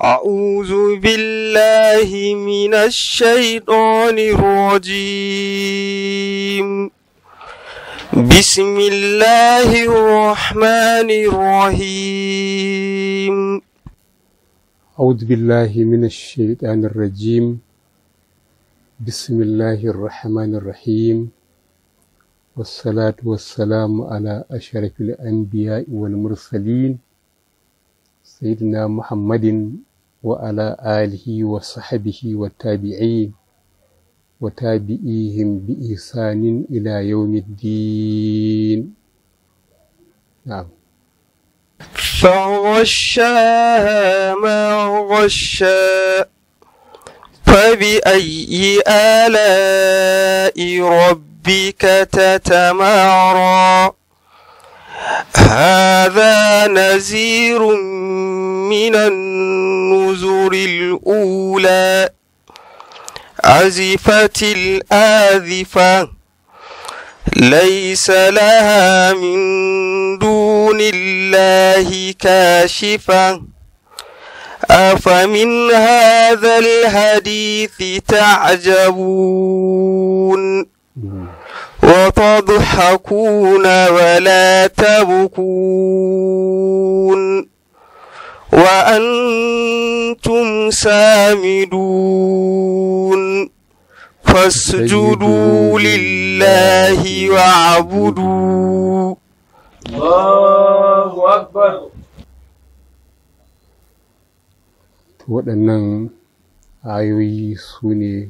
أعوذ بالله من الشيطان الرجيم بسم الله الرحمن الرحيم أعوذ بالله من الشيطان الرجيم بسم الله الرحمن الرحيم والصلاة والسلام على أشرف الأنبياء والمرسلين سيدنا محمد وعلى آله وصحبه والتابعين وتابعيهم بإحسان إلى يوم الدين نعم فغشاها ما غشا فبأي آلاء ربك تتمارى هذا نذير من النذر الأولى عزفت الآذفة ليس لها من دون الله كاشفة أفمن هذا الحديث تعجبون وتضحكون ولا تبكون وأنتم سامدون فاسجدوا لله واعبدوا الله أكبر waɗannan ayoyi su ne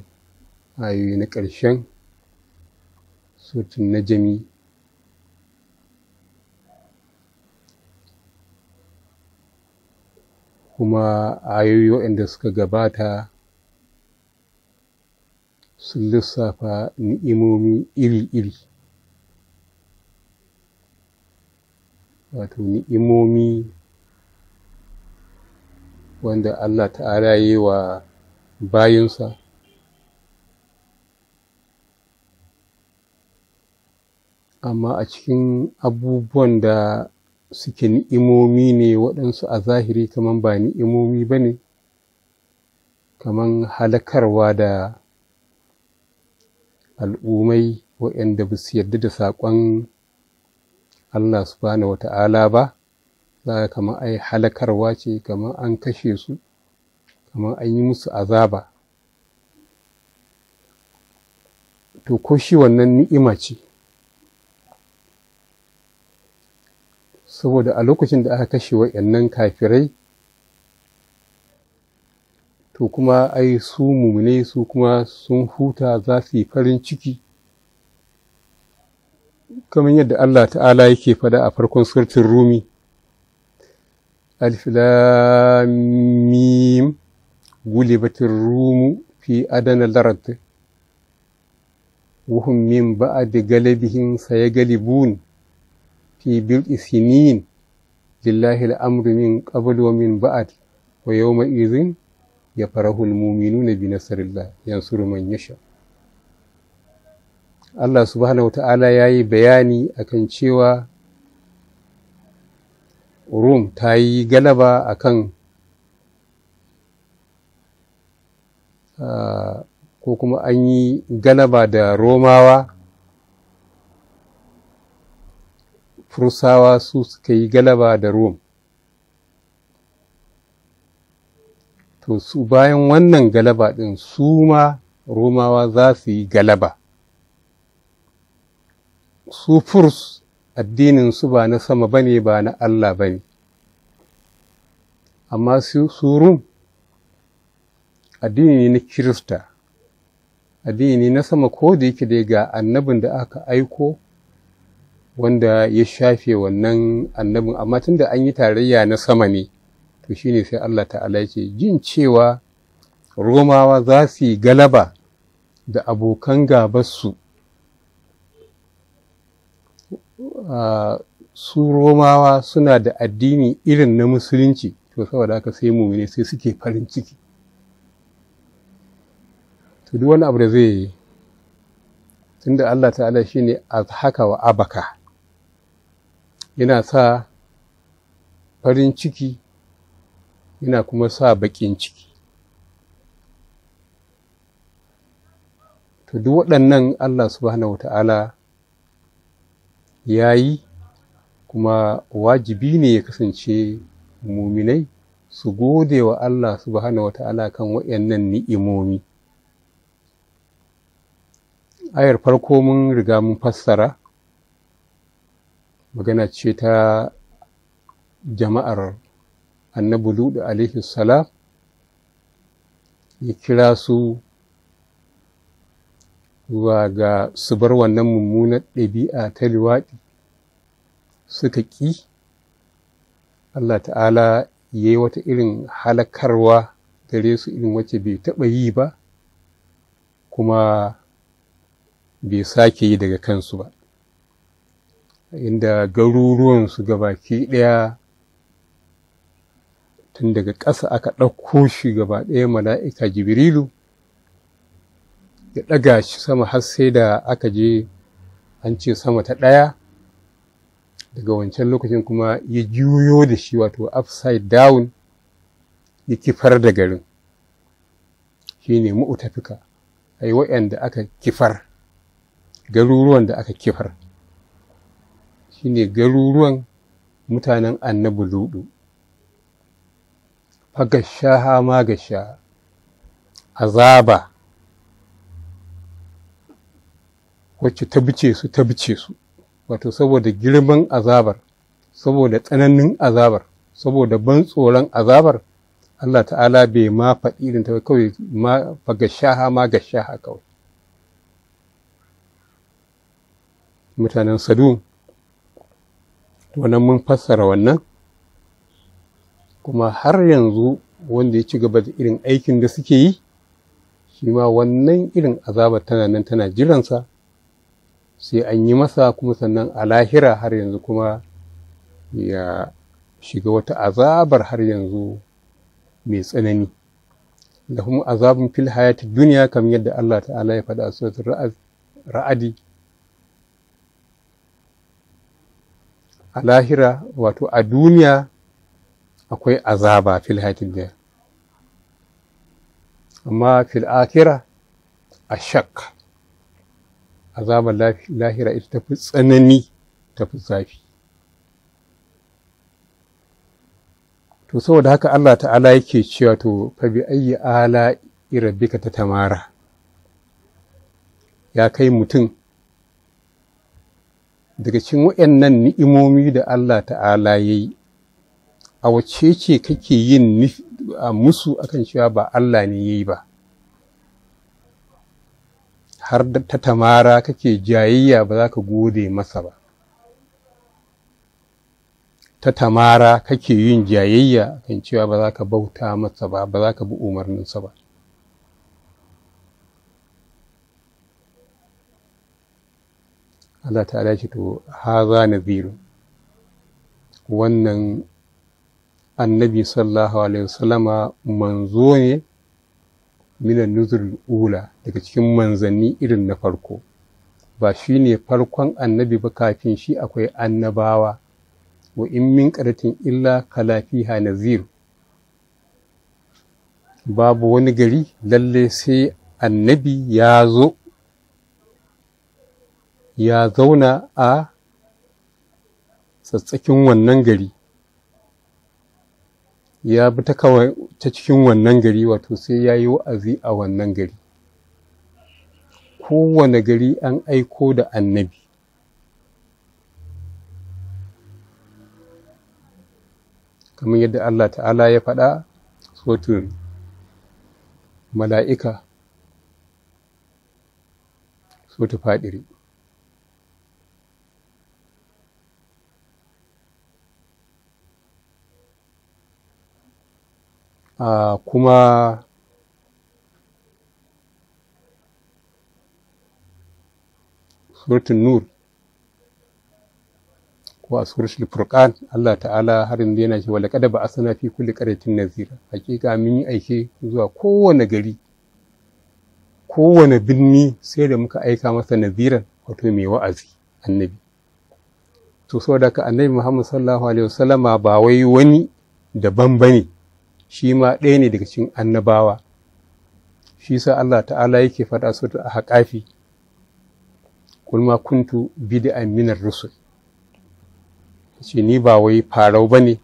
ayoyi na ƙarshen sutun na jami'i kuma ayoyi waɗanda suka gabata sun lissafa ni'imomi iri-iri wato ni'imomi wanda Allah ta'ala yi wa bayinsa amma a cikin abubuwan da suke ni'imomi ne waɗansu a zahiri kaman ba ni'imomi ba ne kaman halakarwa da al'ummai waɗanda ba su yarda da saƙon Allah subhanahu wa ta'ala ba za kamar ai halakarwa ce kamar an kashe su kaman an yi musu azaba to ko shi wannan ni'ima ce saboda a lokacin da aka kashe wa'annan kafirai to kuma ai su mumune su kuma sun huta za su yi farin ciki kamar yadda Allah ta'ala yake fada a farkon surtin rumi alfilamim lamim batun rumu fi adana larad wuhun min ba'd galibihim galibun في بضع سنين لله الأمر من قبل ومن بعد ويومئذ يفرح المؤمنون بنصر الله ينصر من يشاء Allah subhanahu ta'ala ya yi bayani akan cewa Rum ta yi galaba a kan, ko kuma an yi galaba da Romawa fursawa su suka yi galaba da rom to su bayan wannan galaba ɗin su ma romawa za su yi galaba su furs addinin su ba na sama ba ne ba na allah ba ne amma su rum addini na kirista addini na sama ko da yake dai ga annabin da aka aiko wanda ya shafe wannan annabin amma tun da an yi tarayya na sama ne to shine sai Allah ta'ala yake jin cewa romawa za su yi galaba da abokan gabarsu su romawa suna da addini irin na musulunci to saboda haka sai mumine sai suke farin ciki to duk wani abu da zai yi tunda Allah ta'ala shine azhaka wa abaka yana sa farin ciki yana kuma sa baƙin ciki to duk waɗannan allah subhanahu wata'ala ya yi kuma wajibi ne ya kasance muminai su gode wa allah subhanahu wata'ala kan waɗannan ni'imomi ayar farko mun riga mun fassara magana ce ta jama'ar annabi ludu alaihi salam ya kira su zuwa ga su bar wannan mummunar ɗabi'a ta liwaɗi suka ƙi Allah ta'ala ya yi wata irin halakarwa gare su irin wacce bai taɓa yi ba kuma bai sake yi daga kansu ba inda garuruwan su gabaki ɗaya tun daga ƙasa aka ɗauko shi gaba ɗaya mala'ika jibrilu ya ɗaga shi sama har sai da aka je an ce sama ta ɗaya daga wancan lokacin kuma ya juyo da shi wato upside down ya kifar da garin shi ne mu'utafika ai waɗanda aka kifar garuruwan da aka kifar shine garuruwan mutanen annabi ludu fagashaha magasha azaba wacce ta bice su ta bice su wato saboda girman azabar saboda tsananin azabar saboda ban tsoron azabar Allah ta'ala bai ma faɗi irin ta kawai ma fagashaha magashaha kawai mutanen sadun wannan mun fassara wannan kuma har yanzu wanda ya ci gaba da irin aikin da suke yi shi ma wannan irin azaba tana nan tana jiransa sai an yi masa kuma sannan a lahira har yanzu kuma ya shiga wata azabar har yanzu mai tsanani da kuma azabin fil hayati duniya kamar yadda Allah ta'ala ya faɗa a suratul ra'adi a lahira wato a duniya akwai azaba fil hayatin amma fil akira a shak azabar lahira ita ta tafi tsanani fi zafi to saboda haka Allah ta'ala yake cewa to fa bi ayyi ala ta tatamara ya kai mutum daga cikin waɗannan ni'imomi da Allah ta'ala ya yi a wace ce kake yin a musu akan cewa ba Allah ne ya yi ba har da ta tamara kake jayayya ba za ka gode masa ba ta tamara kake yin jayayya akan cewa ba za ka bauta masa ba ba za ka bi umarninsa ba Allah ta ce to haza nadhiru wannan annabi sallallahu alaihi wasallama manzo ne minan nuzul ula daga cikin manzanni irin na farko ba shi ne farkon annabi ba kafin shi akwai annabawa wa in min karatin illa kalafiha nazir babu wani gari lalle sai annabi ya zo ya zauna a tsatsakin wannan gari ya bi ta kawai ta cikin wannan gari wato sai ya yi wa'azi a wannan gari kowane gari an aiko da annabi kamar yadda Allah ta'ala ya faɗa sotun mala'ika sotu fadiri kuma suratun nur ko a suratun furkan Allah ta'ala har yanzu yana cewa laqad ba'athna fi kulli qaryatin nazira hakika mun yi aike zuwa kowane gari kowane birni, sai da muka aika masa naziran wato mai wa'azi annabi to saboda ka annabi Muhammad sallallahu alaihi wasallama ba wai wani daban bane shi ma ɗaya ne daga cikin annabawa shi sa Allah ta'ala yake faɗa su a haƙafi kulma kuntu a minar rusul ce ni ba wai farau ba ne,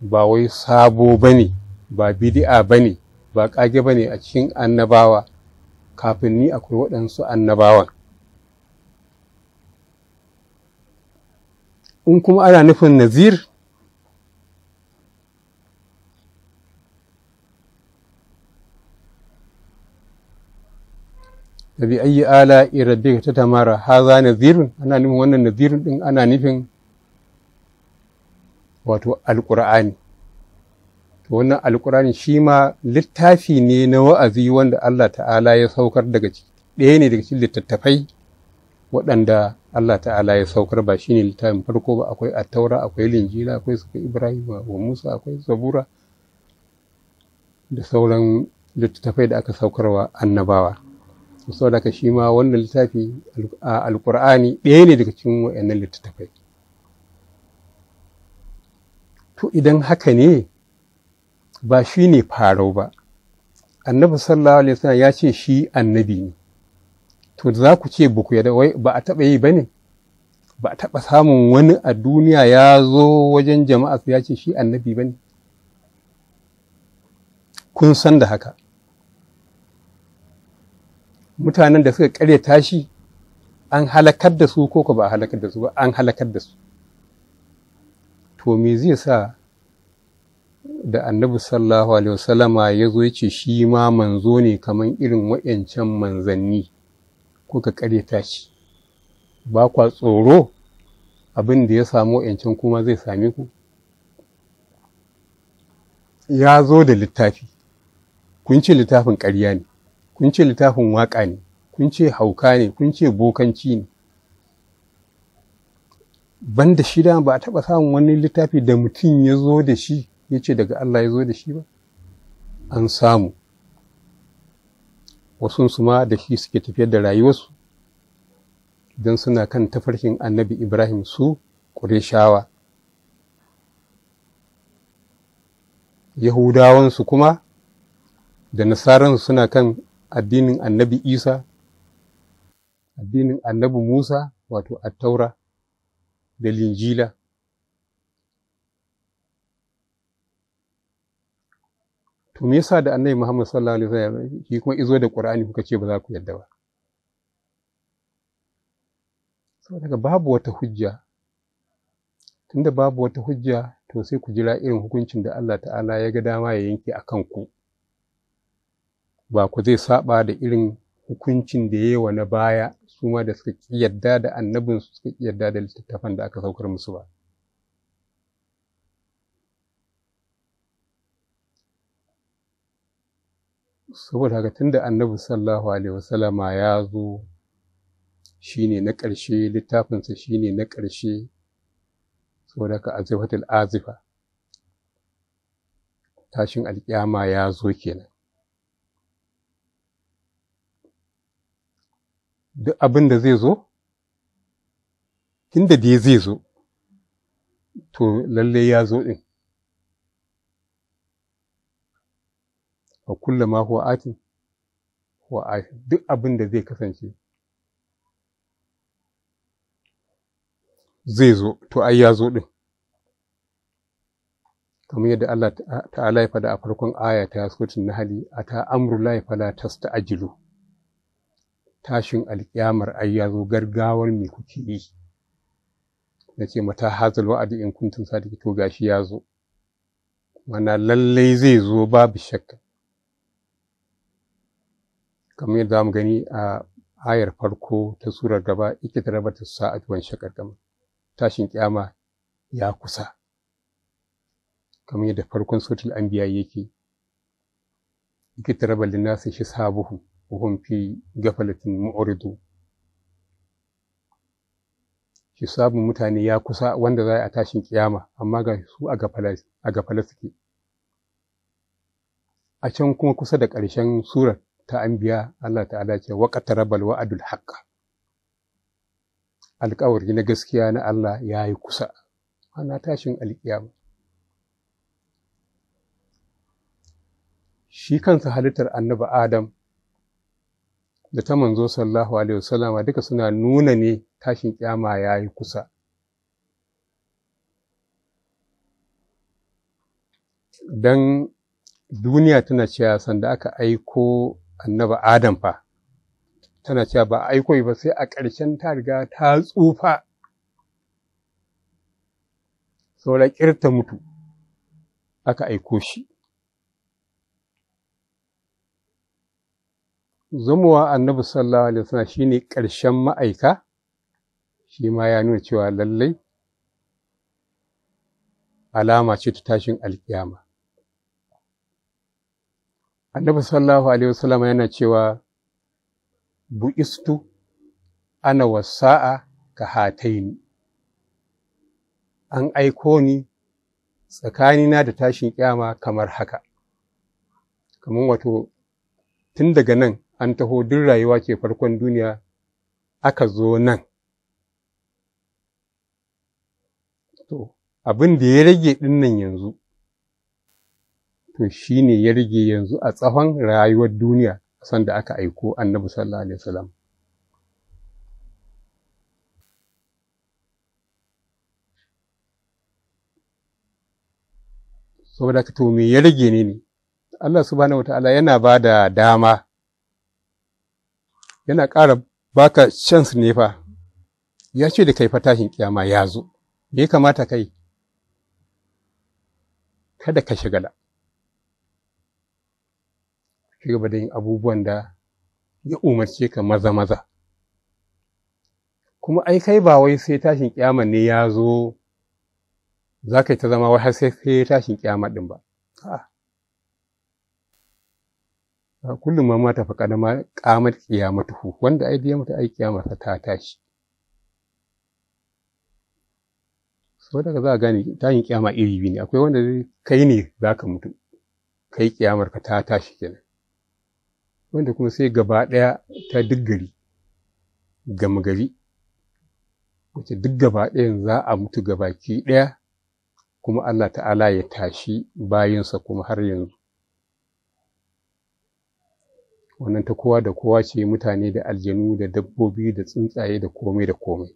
ba wai sabo ba ne, ba ba bane ba ƙage ne a cikin annabawa kafin ni akwai waɗansu annabawan in kuma ana nufin nazir da bi ayi ala irabbi ta tamara haza nazirun ana nufin wannan nazirun din ana nufin wato Alƙur'ani. to wannan Alƙur'ani shi ma littafi ne na wa'azi wanda Allah ta'ala ya saukar daga ciki ɗaya ne daga cikin littattafai waɗanda Allah ta'ala ya saukar ba Shi ne littafin farko ba akwai attaura akwai linjila akwai suka ibrahim wa musa akwai zabura da sauran littattafai da aka saukarwa annabawa so saboda shi ma wannan littafi a alkur'ani ɗaya ne daga cikin wayannan littattafai to idan haka ne ba shi ne farau ba annabi sallallahu alaihi wasallam ya ce shi annabi ne to za ku ce buku ya ba a taɓa yi ba ne ba a taɓa samun wani a duniya ya zo wajen jama'a su ya ce shi annabi ba ne kun san da haka mutanen da suka ƙare tashi an halakar da su ko ba a halakar da su ba an halakar da su to me zai sa da annabi sallallahu alaihi wasallama ya zo ya ce shi ma manzo ne kaman irin wa'yancan manzanni ka karya tashi? ba kwa tsoro abin da ya samu wa'yancan kuma zai same ku ya zo da littafi kun ce littafin ƙarya ne kun ce littafin waƙa ne kun ce hauka ne kun ce bokanci ne banda shida ba a taɓa samun wani littafi da mutum ya zo da shi ya ce daga Allah ya zo da shi ba an samu wasunsu ma da shi suke tafiyar da rayuwarsu don suna kan tafarkin annabi ibrahim su ƙureshawa yahudawansu kuma da nasaransu suna kan addinin annabi isa addinin annabi musa wato attaura da linjila to me yasa da annabi muhammad sallallahu alaihi wasallam shi kuma izo da qur'ani kuka ce ba za ku yadda ba saboda babu wata hujja tunda babu wata hujja to sai ku jira irin hukuncin da Allah ta'ala ya ga dama ya yanke a ku. ba ku zai saba da irin hukuncin da ya yi wa na baya su ma da suka yadda da annabin su suka yadda da littattafan da aka saukar musu ba. Saboda haka tun da annabi sallallahu alaihi wasallama ya zo shi ne na ƙarshe littafinsa shi ne na ƙarshe saboda haka azifatul azifa tashin alƙyama ya zo kenan. duk abin da zai zo inda dai zai zo to lalle ya zo ɗin wa ma huwa atin huwa atin duk abin da zai kasance zai zo to ai ya zo ɗin kamar yadda Allah ta'ala ya faɗa a farkon aya ta hali, a ta amru la fala ajilu tashin alƙiyamar ai ya zo gargawar me kuke yi na ce mata hazal wa'adi in kuntum sadiki to gashi ya zo mana lallai zai zo babu shakka kamar yadda mu gani a ayar farko ta surar gaba ita ta rabata sa'ad wan shakar gama tashin kiyama ya kusa kamar yadda farkon sotul anbiya yake ikita ta raba linnasi shi sabuhu وهم في غفلة معرضون hisabin mutane ya kusa wanda za a tashin kiyama amma ga su a gafala suke a can kuma kusa da ƙarshen surar ta anbiya Allah ta'ala ce waqata rabal wa'adul haqq alƙawari na gaskiya na Allah ya yi kusa ana tashin alƙiyama shi kansa halittar annabi Adam da ta manzo sallallahu alaihi wasallama duka suna nuna ne tashin kyama ya yi kusa Dan duniya tana cewa sanda aka aiko annaba adam fa tana cewa ba aiko ba sai a ƙarshen ta riga ta tsufa saura ƙirta mutu aka aiko shi zamowa annabi sallallahu alaihi wasallam shine ƙarshen ma'aika shi ma ya nuna cewa lallai alama ce ta tashin alkiyama annabi sallallahu alaihi wasallam yana cewa bu'istu ana wasa'a ka hataini an aiko ni tsakanina da tashin ƙyama kamar haka kamar wato tun daga nan an taho duk rayuwa ke farkon duniya aka zo nan. To, abin da ya rage dinnan yanzu, to shi ne ya rage yanzu a tsawon rayuwar duniya sanda aka aiko annabi sallallahu Alaihi wasallam. saboda ka to me ya rage ne ne Allah subhanahu ta'ala yana ba da dama yana ƙara baka chance ne fa ya ce da kai fatashin kiyama ya zo me ya kamata kai kada ka shagala Ka gaba da yin abubuwan da ya umarce ka maza maza kuma ai kai ba wai sai tashin kiyama ne ya zo za ka yi ta zama wai har sai tashin kiyama din ba a'a Ah, kullum ma mata fa ma kamar kiyamatuhu wanda ai biya mata ai sa ta tashi so daga za a gane tayin kiyama iri biyu ne akwai wanda kai ne za ka mutu kai kiyamar ka ta tashi kenan wanda kuma sai gaba ɗaya ta duk gari gama gari wacce duk gaba ɗayan za a mutu gabaki ɗaya kuma Allah ta'ala ya tashi bayansa kuma har yanzu wannan ta kowa da kowa ce mutane da aljanu da dabbobi da tsuntsaye da komai da komai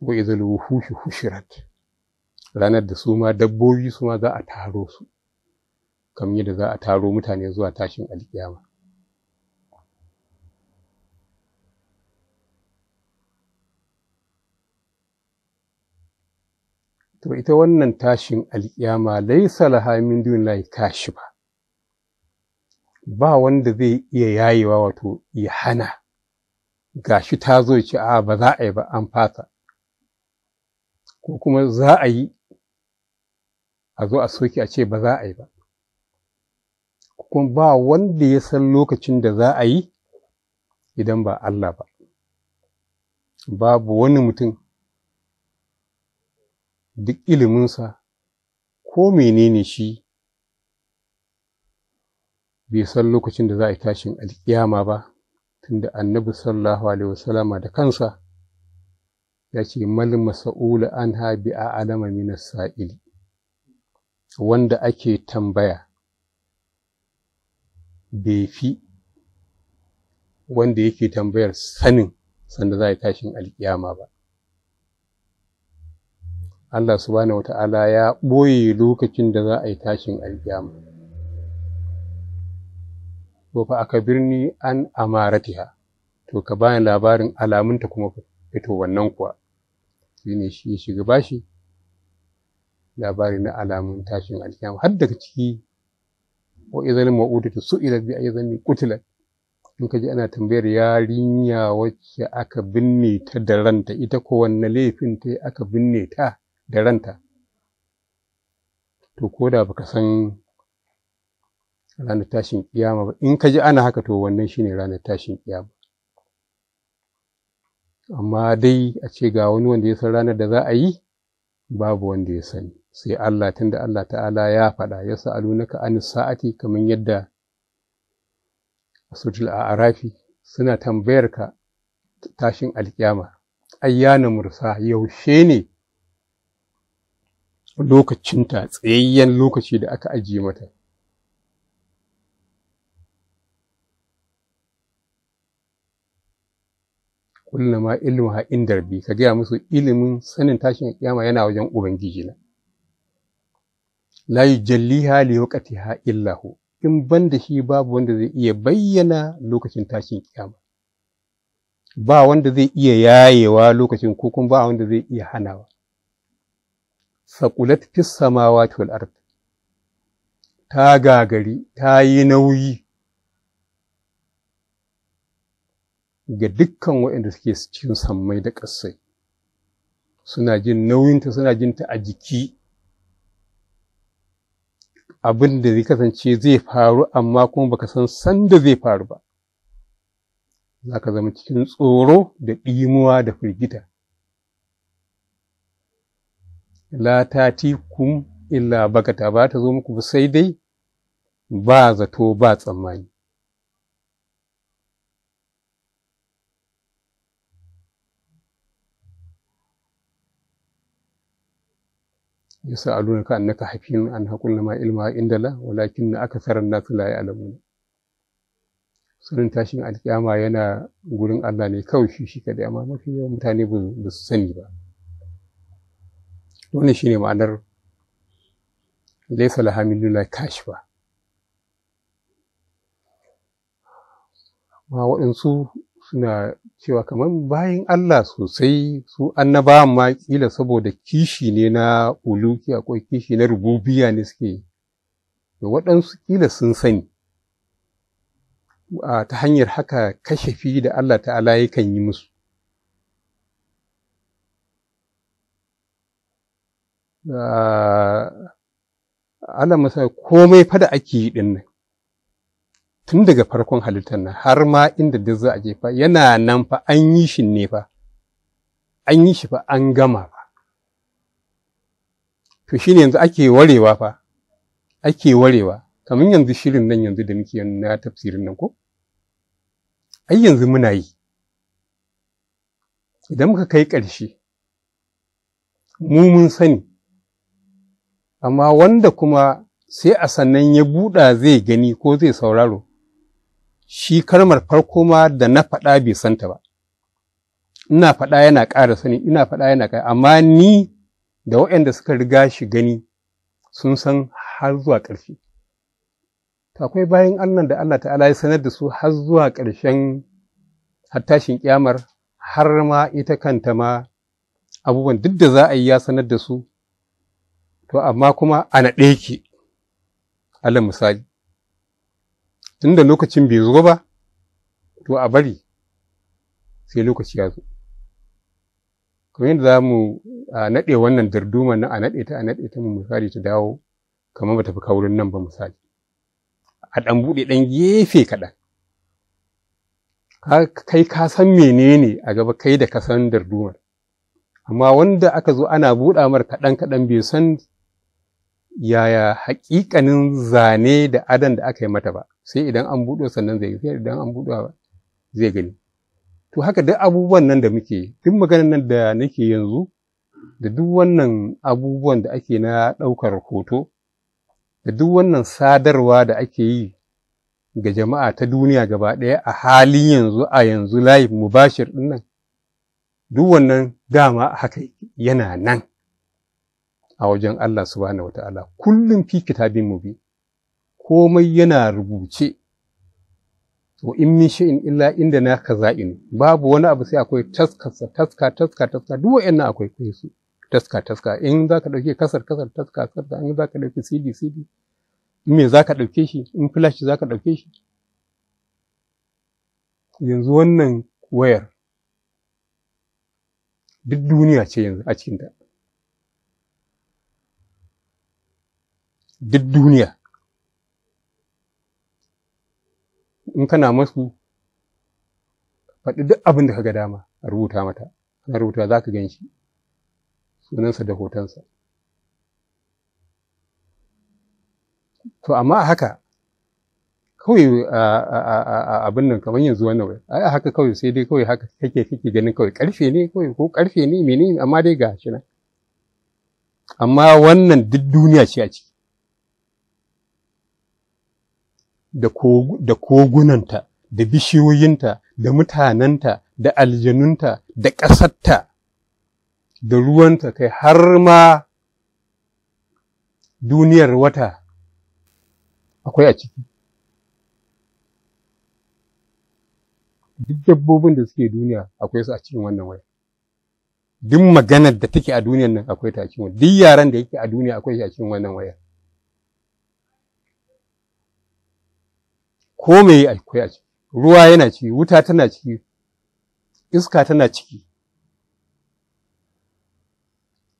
wa izal wuhushi hushirat ranar da su ma dabbobi su ma za a taro su kamar yadda za a taro mutane zuwa tashin alkiyama to ita wannan tashin alkiyama laisa laha min dunillahi ba. ba wanda zai iya yayewa wato ya hana ga shi ta zo ce a ba za a yi ba an fasa ko kuma za a yi a zo a soke a ce ba za a yi ba kuma ba wanda ya san lokacin da za a yi idan ba Allah ba babu wani mutum duk iliminsa ko menene shi bai san lokacin da za a yi tashin alkiyama ba tunda annabi sallallahu alaihi wasallama da kansa ya ce mal masa'ula an bi a alama minas sail wanda ake tambaya bai fi wanda yake tambayar sanin sanda za a yi tashin alkiyama ba Allah subhanahu Ta'ala, ya ɓoye lokacin da za a yi tashin alkiyama to fa aka birni an amaratiha to ka bani labarin alamunta kuma fito wannan kuwa shine shi ya shiga bashi labari na alamun tashin alkiyama har daga ciki ko idan ma'udatu su'ila bi zanni kutila in ka ji ana tambayar yarinya wacce aka binne ta da ranta ita ko wanne laifin ta aka binne ta da ranta to ko da baka san ranar tashin kiyama ba in ka ji ana haka to wannan shine ranar tashin kiyama amma dai a ce ga wani wanda ya san ranar da za a yi babu wanda ya sani sai Allah tunda Allah ta'ala ya faɗa ya sa alunaka an sa'ati kamar yadda a a'rafi suna tambayar ka tashin alkiyama ayyana mursa yaushe ne lokacinta tsayayyen lokaci da aka ajiye mata kullum ma ilmu ha indar bi ka gaya musu ilimin sanin tashin kiyama yana wajen ubangiji na la yujalliha li waqtiha illa hu in ban da shi babu wanda zai iya bayyana lokacin tashin kiyama ba wanda zai iya yayewa lokacin ko kuma ba wanda zai iya hanawa saqulat fis samawati wal ard ta gagari ta yi nauyi ga dukkan waɗanda suke cikin sammai da ƙasai suna jin nauyinta suna jin ta a jiki abin da zai kasance zai faru amma kuma baka san sanda zai faru ba za ka zama cikin tsoro da ɗimuwa da firgita la kun illa bakata ba ta zo muku sai dai ba zato ba tsammani ka يسألونك أنك حكيم عنها قلنا ما na walakin ولكن أكثر الناس لا يعلمون Sunan tashin alkiyama yana gurin Allah ne kawai shi shi kadai amma mafi yawan mutane ba su sani ba wannan shine ma'anar laysa lahamiluna kashfa ma waɗansu suna cewa kamar bayan Allah sosai su annaba ma kila saboda kishi ne na uluki akwai kishi na rububiya ne suke da waɗansu kila sun sani ta hanyar haka kashe fi da Allah ta'ala yakan yi musu Allah masa komai fada ake yi ɗin nan tun daga farkon halittar nan har ma inda duk za a je fa yana nan fa an yi shi ne fa an yi shi fa an gama fa to shine yanzu ake warewa fa ake warewa kamar yanzu shirin nan yanzu da muke na tafsirin nan ko ai yanzu muna yi idan muka kai ƙarshe mu mun sani amma wanda kuma sai a sannan ya buɗa zai gani ko zai sauraro shi kalmar farko ma da na faɗa bai santa ba ina faɗa yana ƙara sani ina faɗa yana ƙara amma ni da waɗanda suka riga shi gani sun san har zuwa ƙarshe akwai bayan Allah da Allah ta'ala ya sanar da su har zuwa ƙarshen hattashin kyamar har ma ita kanta ma abubuwan duk da za a yi ya sanar da su to amma kuma a naɗe ki Allah misali tunda lokacin bai zo ba to a bari sai lokaci ya zo kamar yadda za mu naɗe wannan darduma na a naɗe ta a naɗe ta mu misali ta dawo kamar bata fi kaurin nan ba misali a ɗan buɗe ɗan gefe kaɗan kai ka san menene a gaba kai da ka san dardumar amma wanda aka zo ana buɗa mar kaɗan kaɗan bai san yaya haƙiƙanin zane da adan da aka yi mata ba sai idan an buɗe sannan zai sai idan an buɗe zai gani to haka duk abubuwan nan da muke duk maganar nan da nake yanzu da duk wannan abubuwan da ake na ɗaukar hoto da duk wannan sadarwa da ake yi ga jama'a ta duniya gaba ɗaya a halin yanzu a yanzu layi mubashir ɗin nan duk wannan dama haka yana nan a wajen Allah subhanahu wataala kullum fi kitabin mubi komai yana rubuce wa in min in illa inda na za'in. babu wani abu sai akwai taskarsa taska taska taska duk nan akwai kai su taska taska in za ka ɗauke kasar kasar taska kasar in za ka ɗauke cd cd me za ka ɗauke shi in flash za ka ɗauke shi yanzu wannan wayar duk duniya ce yanzu a cikinta duk duniya in kana masu faɗi duk abin da ka ga dama a rubuta mata na rubuta za ka gan shi sunansa da hotonsa to amma a haka kawai abin nan kamar yanzu wannan wai a haka kawai sai dai kawai haka kake kake ganin kawai karfe ne kawai ko karfe ne mene amma dai ga shi nan amma wannan duk duniya ce a ciki da kogunanta da bishiyoyinta da mutanenta da aljanunta da ƙasarta da ruwanta kai har ma duniyar wata akwai a ciki duk dabbobin da suke duniya akwai su a cikin wannan waya duk maganar da take a duniyar nan akwai ta a cikin duk yaran da yake a duniya akwai shi a cikin wannan wayar ko yi akwai a ciki ruwa yana ciki wuta tana ciki iska tana ciki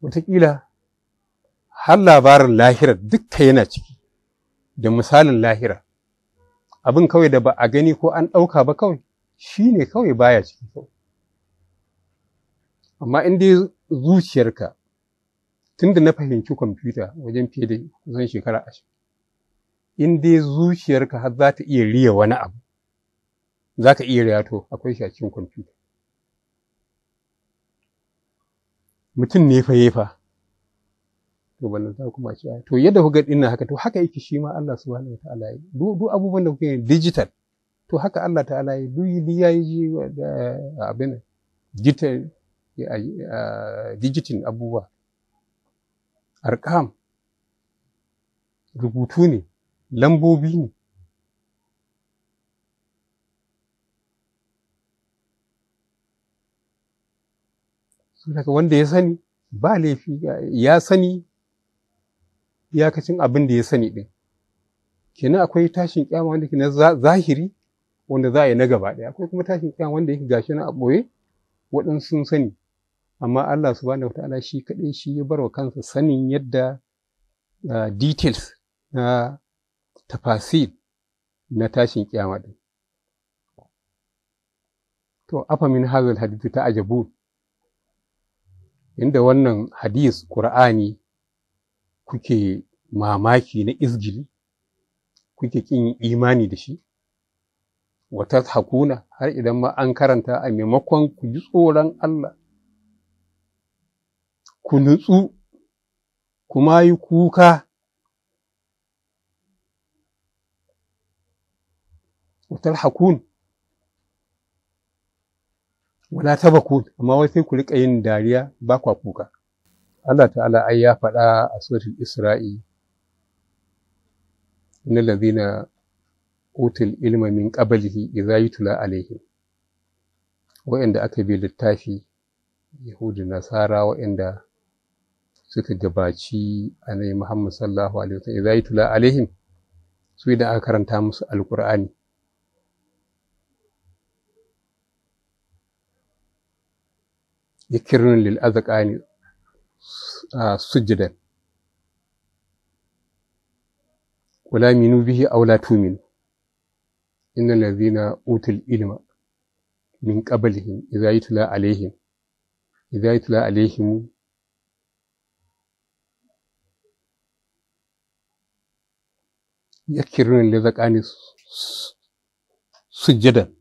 wataƙila har labarin lahira dukka yana ciki da misalin lahira abin kawai da ba a gani ko an ɗauka ba kawai shi ne kawai baya ciki kawai amma in dai zuciyarka tun da na fahimci kwamfuta wajen fiye da kusan shekara ashirin in dai zuciyarka har za ta iya riya wani abu za ka iya riya to akwai shi a cikin kwamfuta mutum ne fa fa to ban za kuma ce to yadda kuka ina haka to haka yake shi ma Allah subhanahu wataala ya duk duk abubuwan da kuke yin digital to haka Allah ta'ala ya duk ya yi eh, abin digital eh, eh, abubuwa arkam rubutu ne lambobi ne daga wanda ya sani ba laifi ya sani iyakacin abin da ya sani din kenan akwai tashin kyama wanda ke na zahiri wanda za a yi na gaba ɗaya akwai kuma tashin kyama wanda yake gashi na a ɓoye waɗansu sun sani amma Allah subhanahu wataala shi kaɗai shi ya bar wa kansa sanin yadda ah, details na tafasil na tashin kiyama din to afa min hazal hadithu ta ajabu inda wannan hadis ƙur'ani kuke mamaki na izgili kuke kin imani da shi wata hakuna har idan ma an karanta a maimakon ku ji tsoron Allah ku nutsu kuma yi kuka وتلحقون wala tabakun amma wai sai ku rika yin dariya ba kwa kuka Allah ta'ala ai ya faɗa a suratul Isra'i innal ladhina utul ilma min qablihi idza yutla aka bi littafi yahudu nasara wa'anda suka gabaci anai Muhammad sallallahu alaihi wasallam idza yutla alaihim su idan aka karanta musu alqur'ani يكرن للأذقان سجدا ولا منوا به أو لا تؤمنوا إن الذين أوتوا العلم من قبلهم إذا يتلى عليهم إذا يتلى عليهم يكرون لذقان سجدا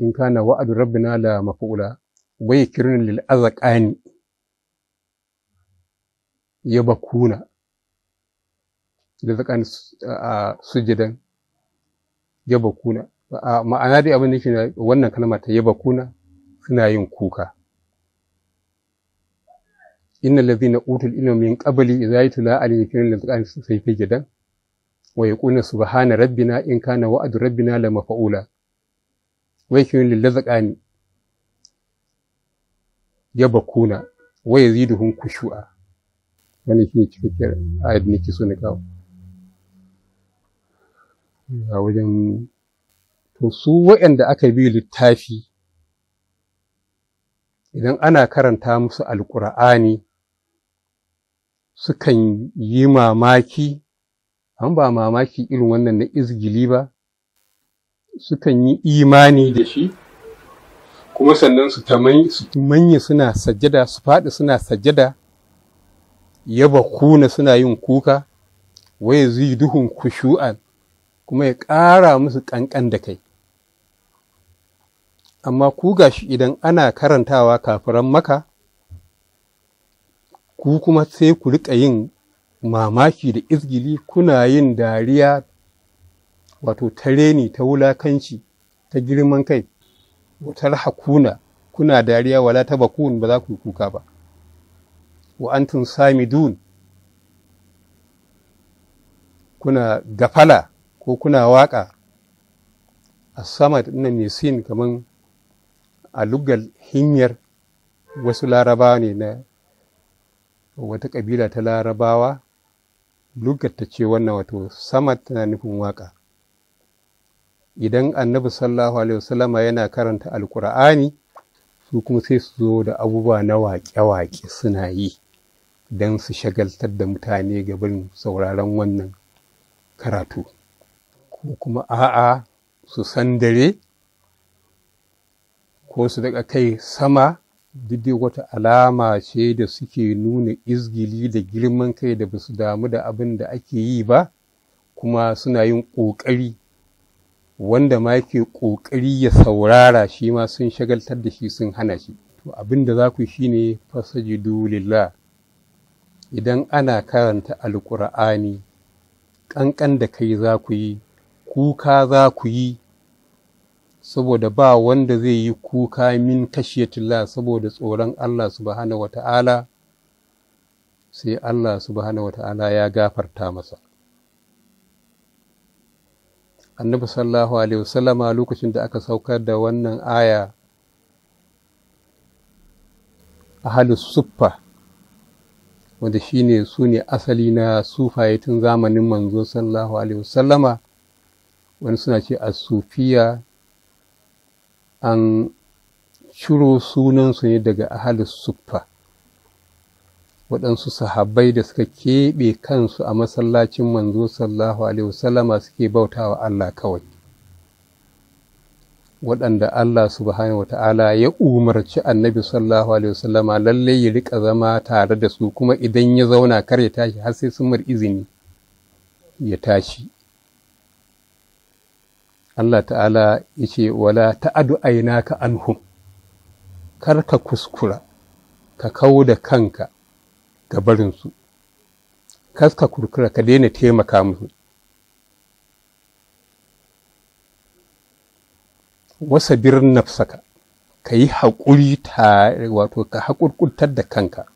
إن كان وعد ربنا لمفعولا wai kirnin lil azqani ya bakuna da zakan a sujudan ya bakuna ma'ana dai abin da yake wannan kalma ta ya bakuna suna yin kuka innal ladhina utul ilma min qabli idza yutla alayhi kirnin lil azqani sai fi gidan wa yaquluna subhana rabbina in kana wa'du rabbina la mafa'ula wai kirnin lil azqani Ya yabakuna wa yaziduhum khushu'a wannan ne cikakkiyar ayat ke so na kawo a wajen to su waɗanda aka bi littafi idan ana karanta musu alƙur'ani sukan yi mamaki an ba mamaki irin wannan na izgili ba sukan yi imani da shi kuma sannan su ta manya suna sajjada su faɗi suna sajjada yaba kuna suna yin kuka waya duhun kushu'an kuma ya ƙara musu ƙanƙan da kai amma ku gashi idan ana karantawa kafiran maka ku kuma sai ku riƙa yin mamaki da izgili kuna yin dariya wato ta reni ta wulakanci ta girman kai Wutar hakuna, kuna dariya wala bakun, ba za ku kuka ba wa antum samidun kuna gafala ko kuna waka a sama na nisin kamar a lugal hinyar wasu larabawa ne na wata ƙabila ta larabawa lugar ta ce wannan wato sama tana nufin waka idan annabi sallallahu alaihi wasallama yana karanta alkur'ani su kuma sai su zo da abubuwa na waƙe-waƙe suna yi don su shagaltar da mutane gaban sauraron wannan karatu ko kuma a'a su sandare ko su daga kai sama duk wata alama ce da suke nuna izgili da girman kai da ba su damu da abin da ake yi ba kuma suna yin ƙoƙari wanda ma yake ƙoƙari ya saurara shi ma sun shagaltar da shi sun hana shi to abin da za ku shi ne fasajidu lillah idan ana karanta alƙur'ani ƙanƙan da kai za ku yi kuka za ku yi saboda ba wanda zai yi kuka min kashiyatullah saboda tsoron Allah subhanahu wata'ala sai Allah subhanahu wata'ala ya gafarta masa annabi sallallahu alaihi wasallama lokacin da aka saukar da wannan aya ahalus suffa wanda shine su ne asali na sufaye tun zamanin manzo sallallahu alaihi wasallama wani suna ce a sufiya an shiro sunansu ne daga Ahalis suffa waɗansu sahabbai da suka keɓe kansu a masallacin manzo sallahu alaihi wasallama suke bautawa Allah kawai waɗanda Allah subhanahu wa ta'ala ya umarci annabi sallahu alaihi wasallama lallai ya riƙa zama tare da su kuma idan ya zauna kar ya tashi har sai sun mar izini ya tashi Allah ta'ala ya ce wala ta'adu aina ka anhum kar ka kuskura ka kau da kanka ga barinsu kaska kurkura ka daina taimaka musu wasa birin nafsaka ka yi haƙuri tare wato ka haƙurƙurtar da kanka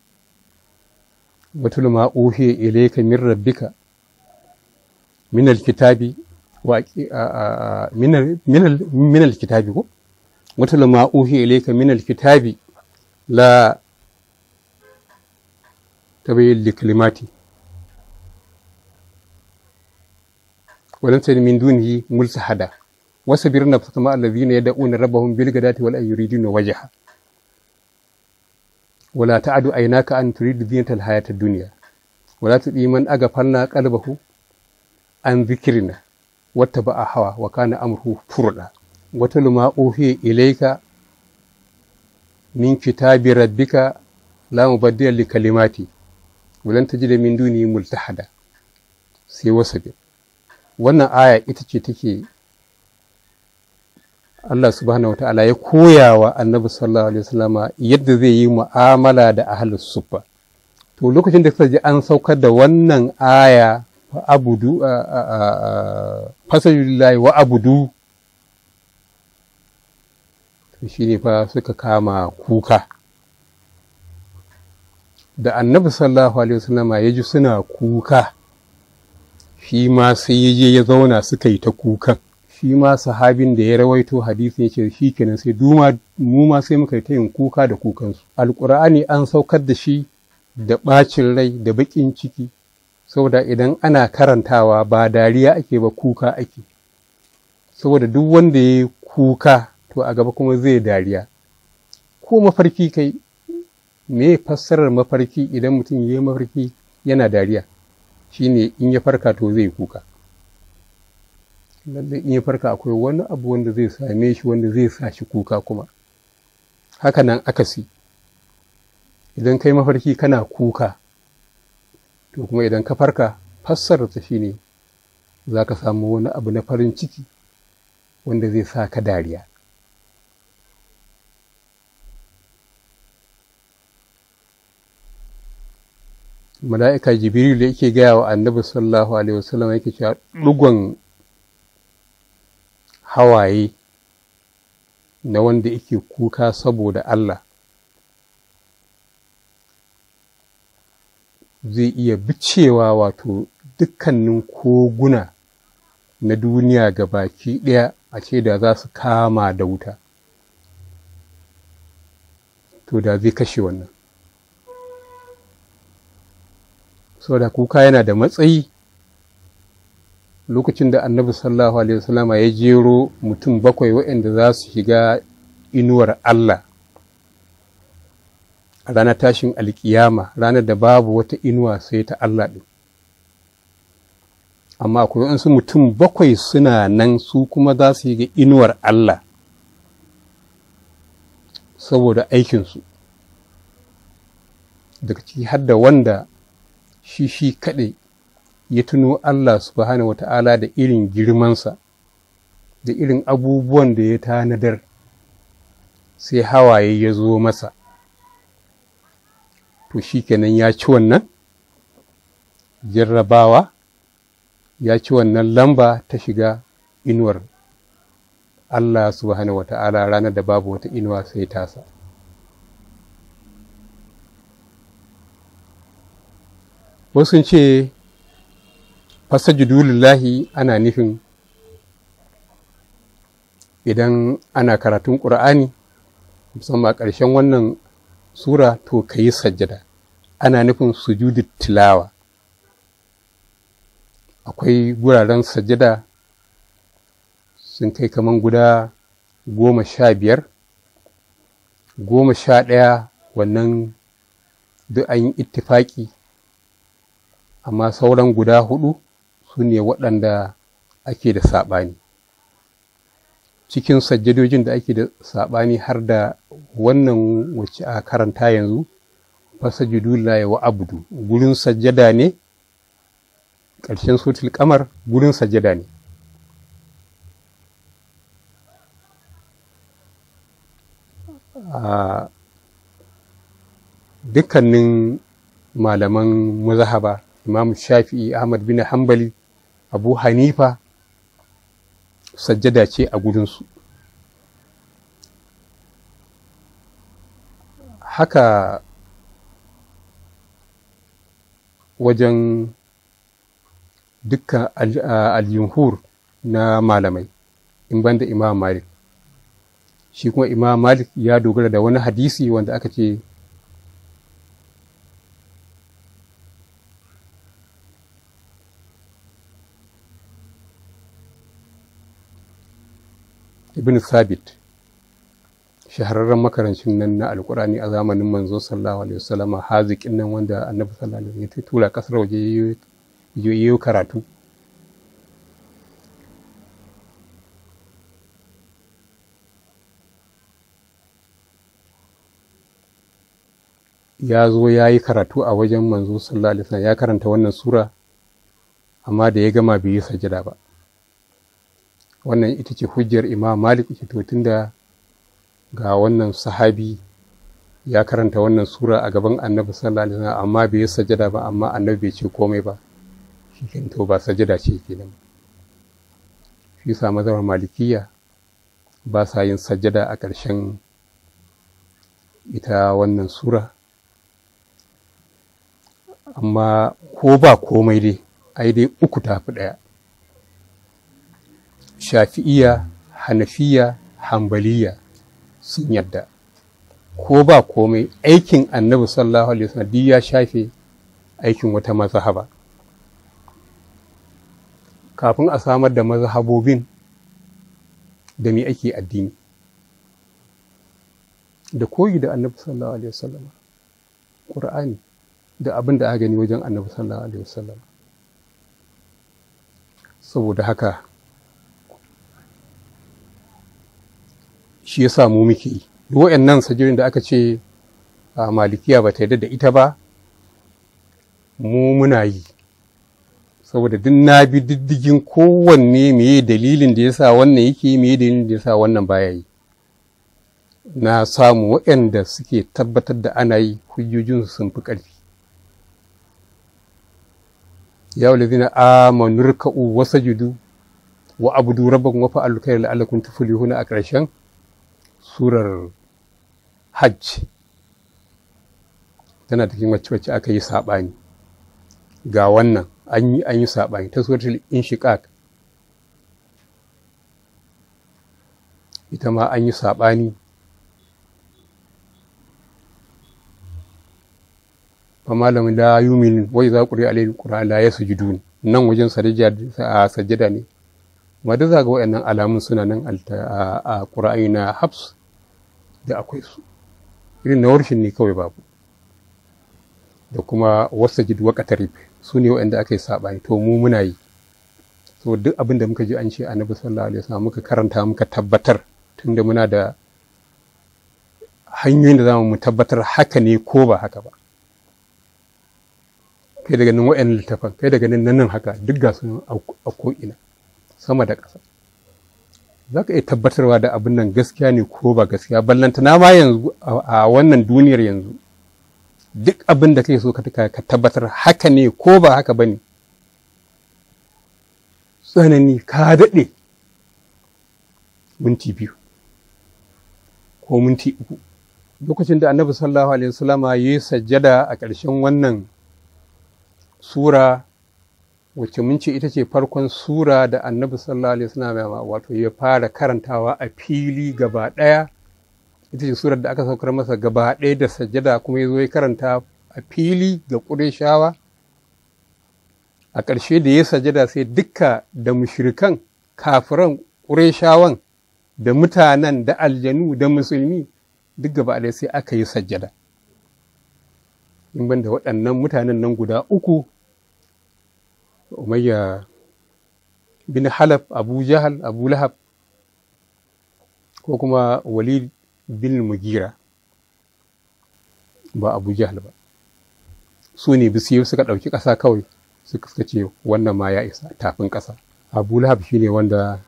mutum ma uhiya ilayka min rabbika min alkitabi wa min alkitabi ko mutum ma uhiya ilayka min alkitabi la تبين لكلماتي ولن تجد من دونه ملتحدا وصبر نفسك مع الذين يدعون ربهم بالغداة ولا يريدون وجهه ولا تعد عيناك أن تريد زينة الحياة الدنيا ولا تطيع من أغفلنا قلبه عن ذكرنا واتبع هوى وكان أمره فرلا وتل ما أوحي إليك من كتاب ربك لا مبدل لكلماتي walan tajida min duni multahada sai wasabi wannan aya ita ce take Allah subhanahu wata'ala ya koya wa annabi sallallahu alaihi yadda zai yi mu'amala da ahlus suffa to lokacin da suka ji an saukar da wannan aya fa abudu fasajulillahi wa abudu to shine fa suka kama kuka da annabi sallallahu alaihi wasallam ya ji suna kuka shi ma sai ya je ya zauna suka yi ta kukan shi ma sahabin da ya rawaito hadisin ya ce shi kenan sai duma mu ma sai muka yi ta yin kuka da kukansu alkur'ani an saukar da shi da ɓacin rai da bakin ciki saboda idan ana karantawa ba dariya ake ba kuka ake saboda duk wanda ya yi kuka to a gaba kuma zai dariya ko mafarki kai me fassarar mafarki idan mutum ya yi mafarki yana dariya shine in ya farka to zai kuka lallai in ya farka akwai wani abu wanda zai same shi wanda zai sa shi kuka kuma haka nan si. idan kai mafarki kana kuka to kuma idan ka farka fassarar ta shine za ka samu wani abu na farin ciki wanda zai sa ka dariya mala'ika Jibiru da yake gaya wa annabi sallallahu alaihi wasallam yake cewa ɗugon hawaye na wanda yake kuka saboda Allah zai iya bicewa wato dukkanin koguna na duniya ga baki ɗaya a ce da za su kama da wuta to da zai kashe wannan saboda kuka yana da matsayi lokacin da annabi sallallahu alaihi wasallama ya jero mutum bakwai waɗanda za su shiga inuwar Allah a ranar tashin alkiyama ranar da babu wata inuwa sai ta Allah ɗin amma akwai waɗansu mutum bakwai suna nan su kuma za su shiga inuwar Allah saboda aikinsu daga ciki har da wanda shi shi kaɗai ya tuno Allah subhanahu wata'ala da irin girmansa da irin abubuwan da ya tanadar sai hawaye ya zo masa to shi kenan ya ci wannan jarrabawa ya ci wannan lamba ta shiga inuwar Allah subhanahu wata'ala ranar da babu wata inuwa sai tasa. wasu sun ce fasa ana nufin idan ana karatun ƙur'ani musamman a ƙarshen wannan sura to ka yi sajjada ana nufin sujudu tilawa akwai guraren sajjada sun kai kaman guda goma sha biyar goma sha ɗaya wannan duk an yi ittifaƙi amma sauran guda hudu su ne waɗanda ake da saɓani cikin sajjadojin da ake da saɓani har da wannan wacce a karanta yanzu fasajudu laye wa abdu gurin sajjada ne ƙarshen sotil kamar gurin sajjada ne dukkanin malaman mazahaba imam shafi'i ahmad bin hanbali abu hanifa sajjada ce a gudunsu haka wajen dukkan al na malamai in banda imam malik shi kuma imam malik ya dogara da wani hadisi wanda aka ce ibn Sabit shahararren makarancin nan na alkurani a zamanin manzo sallallahu alaihi wasallam haziqin nan wanda annabi sallallahu alaihi wasallam ya tura kasar waje yayi karatu ya zo ya yi karatu a wajen manzo sallallahu alaihi wasallam ya karanta wannan sura amma da ya gama bai yi sajada ba wannan ita ce hujjar imam malik ce to tunda ga wannan sahabi ya karanta wannan sura a gaban annabi sallallahu alaihi amma bai yi sajada ba amma annabi bai ce komai ba shi to ba sajada ce kenan shi sa mazhabar malikiya ba sa yin sajada a ƙarshen ita wannan sura amma ko ba komai dai ai dai uku tafi ɗaya shafi'iya hanafiya hambaliya sun yadda ko ba komai aikin annabi sallallahu alaihi wasallam duk ya shafe aikin wata mazhaba kafin a samar da mazhabobin da me ake addini da koyi da annabi sallallahu alaihi wasallam qur'ani da abin da aka gani wajen annabi sallallahu alaihi wasallam saboda haka shi yasa mu muke yi nan sajirin da aka ce a malikiya ba ta yi da ita ba mu muna yi saboda duk na bi diddigin kowanne meye dalilin da ya sa wannan yake meye dalilin da ya sa wannan baya yi na samu waɗanda suke tabbatar da ana yi hujjojinsu sun fi ƙarfi ya wale zina amanurka'u wasa judu wa abudu rabban wafa la'alakun tufuli huna a ƙarshen surar hajj tana cikin wacce wacce aka yi saɓani ga wannan an yi an yi saɓani ta suratul inshiqaq ita ma an yi saɓani fa malamin da yumin wai za quri alayhi alquran la yasjudun nan wajen sajjada ne ma da ga wayannan alamun suna nan a qur'ani na da akwai su irin na warshin ne kawai babu da kuma wasa jidwa katarib su ne waɗanda aka yi saɓani to mu muna yi so duk abin da muka ji an ce annabi sallallahu alaihi wasallam muka karanta muka tabbatar tunda muna da hanyoyin da za mu tabbatar haka ne ko ba haka ba kai daga nan wa'yan littafan kai daga nan nan haka duk ga su a ko'ina sama da ƙasa za ka iya tabbatarwa da abin nan gaskiya ne ko ba gaskiya ballantana ma yanzu a wannan duniyar yanzu duk abin da kake so ka tabbatar haka ne ko ba haka ba ne tsanani ka daɗe minti biyu ko minti uku lokacin da annabi sallallahu alaihi wasallama ya yi sajjada a ƙarshen wannan sura wacce mun ce ita ce farkon sura da annabi sallallahu alaihi wasallam wato ya fara karantawa a fili gaba daya ita ce surar da aka saukar masa gaba daya da sajjada kuma ya zo ya karanta a fili ga ƙureshawa a ƙarshe da ya sajada sai dukka da mushrikan kafiran ƙureshawan da mutanen da aljanu da musulmi duk gaba daya sai aka yi sajada in banda waɗannan mutanen nan guda uku umayya bin halab abu jahal abu lahab ko kuma walid bin mugira ba abu jahal ba su ne bisiyo suka ɗauki ƙasa kawai suka ce wannan ma ya isa tafin ƙasa abu lahab shine wanda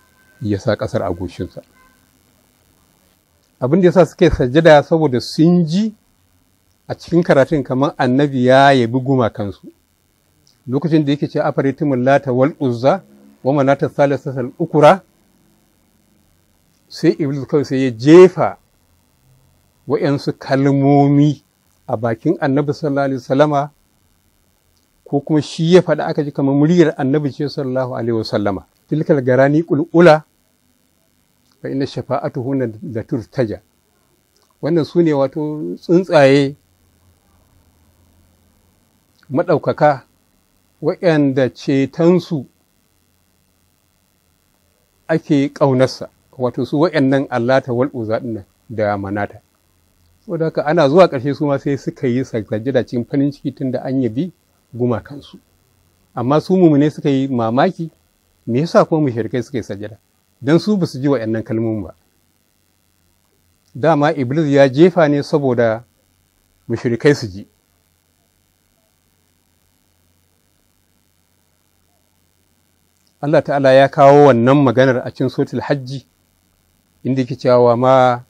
ya sa ƙasar a goshinsa abin da ya sa suke sajjada saboda sun ji a cikin karatun kamar annabi ya yabi gumakansu lokacin da yake ce afaritimul lata wal uzza wa manata thalithatul ukura sai iblis kawai sai ya jefa wa'yansu kalmomi a bakin annabi sallallahu alaihi wasallama ko kuma shi ya faɗa aka ji kamar muryar annabi ce sallallahu alaihi wasallama tilkal garani qulqula fa inna la turtaja wannan su ne wato tsuntsaye maɗaukaka waɗanda cetonsu ake ƙaunarsa wato su waɗannan allata wal'uza ɗinnan da manata saboda haka ana zuwa ƙarshe su ma sai suka yi da cikin farin ciki tun da an yabi gumakansu amma su mumune suka yi mamaki me yasa kuma mushrikai suka yi sajjada dan su basu ji waɗannan kalmomin ba dama iblis ya jefa ne saboda mushrikai su ji Allah ta'ala ya kawo wannan maganar a cikin sotil hajji inda yake cewa ma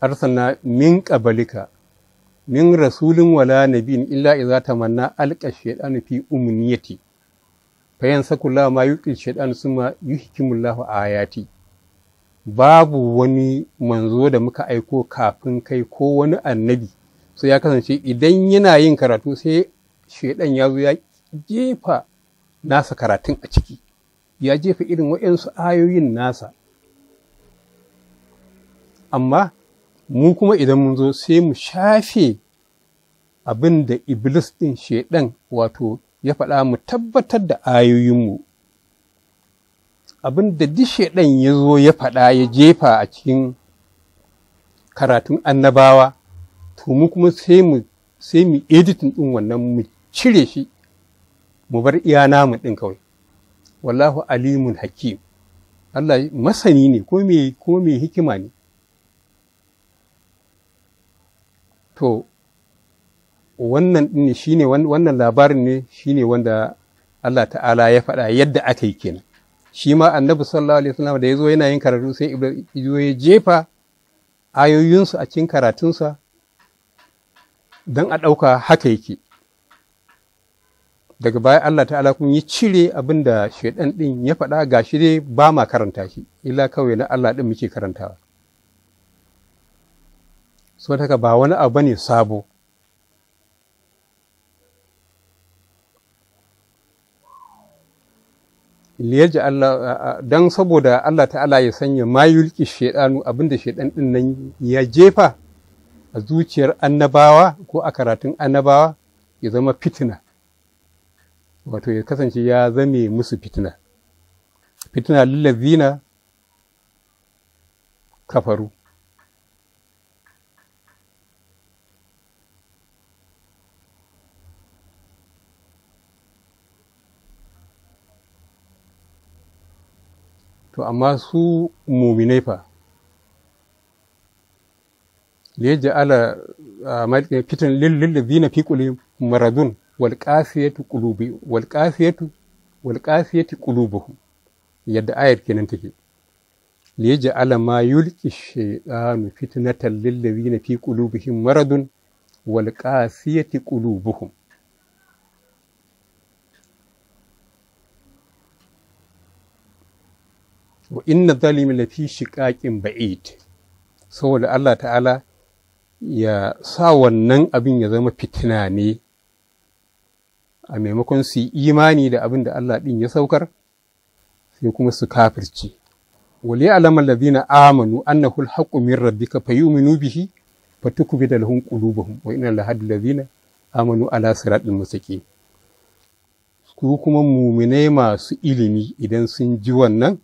arsana min qabalika min rasulin wala nabiyin illa idza tamanna alqa shaytanu fi umniyati fa sakula ma yuqil shaytanu summa a ayati babu wani manzo da muka aiko kafin kai ko wani annabi sai ya kasance idan yana yin karatu sai shaidan ya zo ya jefa nasa karatun a ciki ya jefa irin waɗansu ayoyin nasa amma mu kuma idan mun zo sai mu shafe abin da iblis ɗin shaiɗan wato ya faɗa mu tabbatar da ayoyinmu abin da duk shaiɗan ya zo ya faɗa ya jefa a cikin karatun annabawa to mu kuma sai mu editin ɗin wannan mu cire shi mu bar iya namu ɗin kawai wallahu alimun hakim Allah masani ne ko me ko me hikima ne to wannan ne shine wannan labarin ne shine wanda Allah ta'ala ya faɗa yadda aka yi kenan shi ma annabi sallallahu alaihi wasallam da ya zo yana yin karatu sai ibrahim ya jefa ayoyinsu a cikin karatunsa don a ɗauka haka yake daga baya Allah ta'ala kun yi cire abin da shaidan din ya faɗa ga shi dai ba ma karanta shi illa kawai na Allah din muke karantawa so haka ba wani abu ne sabo liyaji Allah don saboda Allah ta'ala ya sanya mayulki shaidanu abinda shaidan din nan ya jefa a zuciyar annabawa ko a karatun annabawa ya zama fitina wato ya kasance ya zame musu fitina fitina lillazina kafaru to amma su muminai fa liyaj'ala fitin lil zina fi kuli maradun walƙafiyatu qulubi walƙasiyatu walƙasiyati yadda ayar kenan take li yaj'ala ma yulqi shaytanu fitnatan lil ladina fi qulubihim maradun walƙasiyati qulubuhum wa inna zalimi la fi shiqaqin ba'id saboda Allah ta'ala ya sa wannan abin ya zama fitina ne a maimakon su yi imani da abin da Allah ɗin ya saukar sai kuma su kafirce wali alamar zina amanu annahu alhaqqu min rabbika fayuminu bihi fatukbida lahum qulubuhum wa inna da zina amanu ala siratil mustaqim ku kuma muminai masu ilimi idan sun ji wannan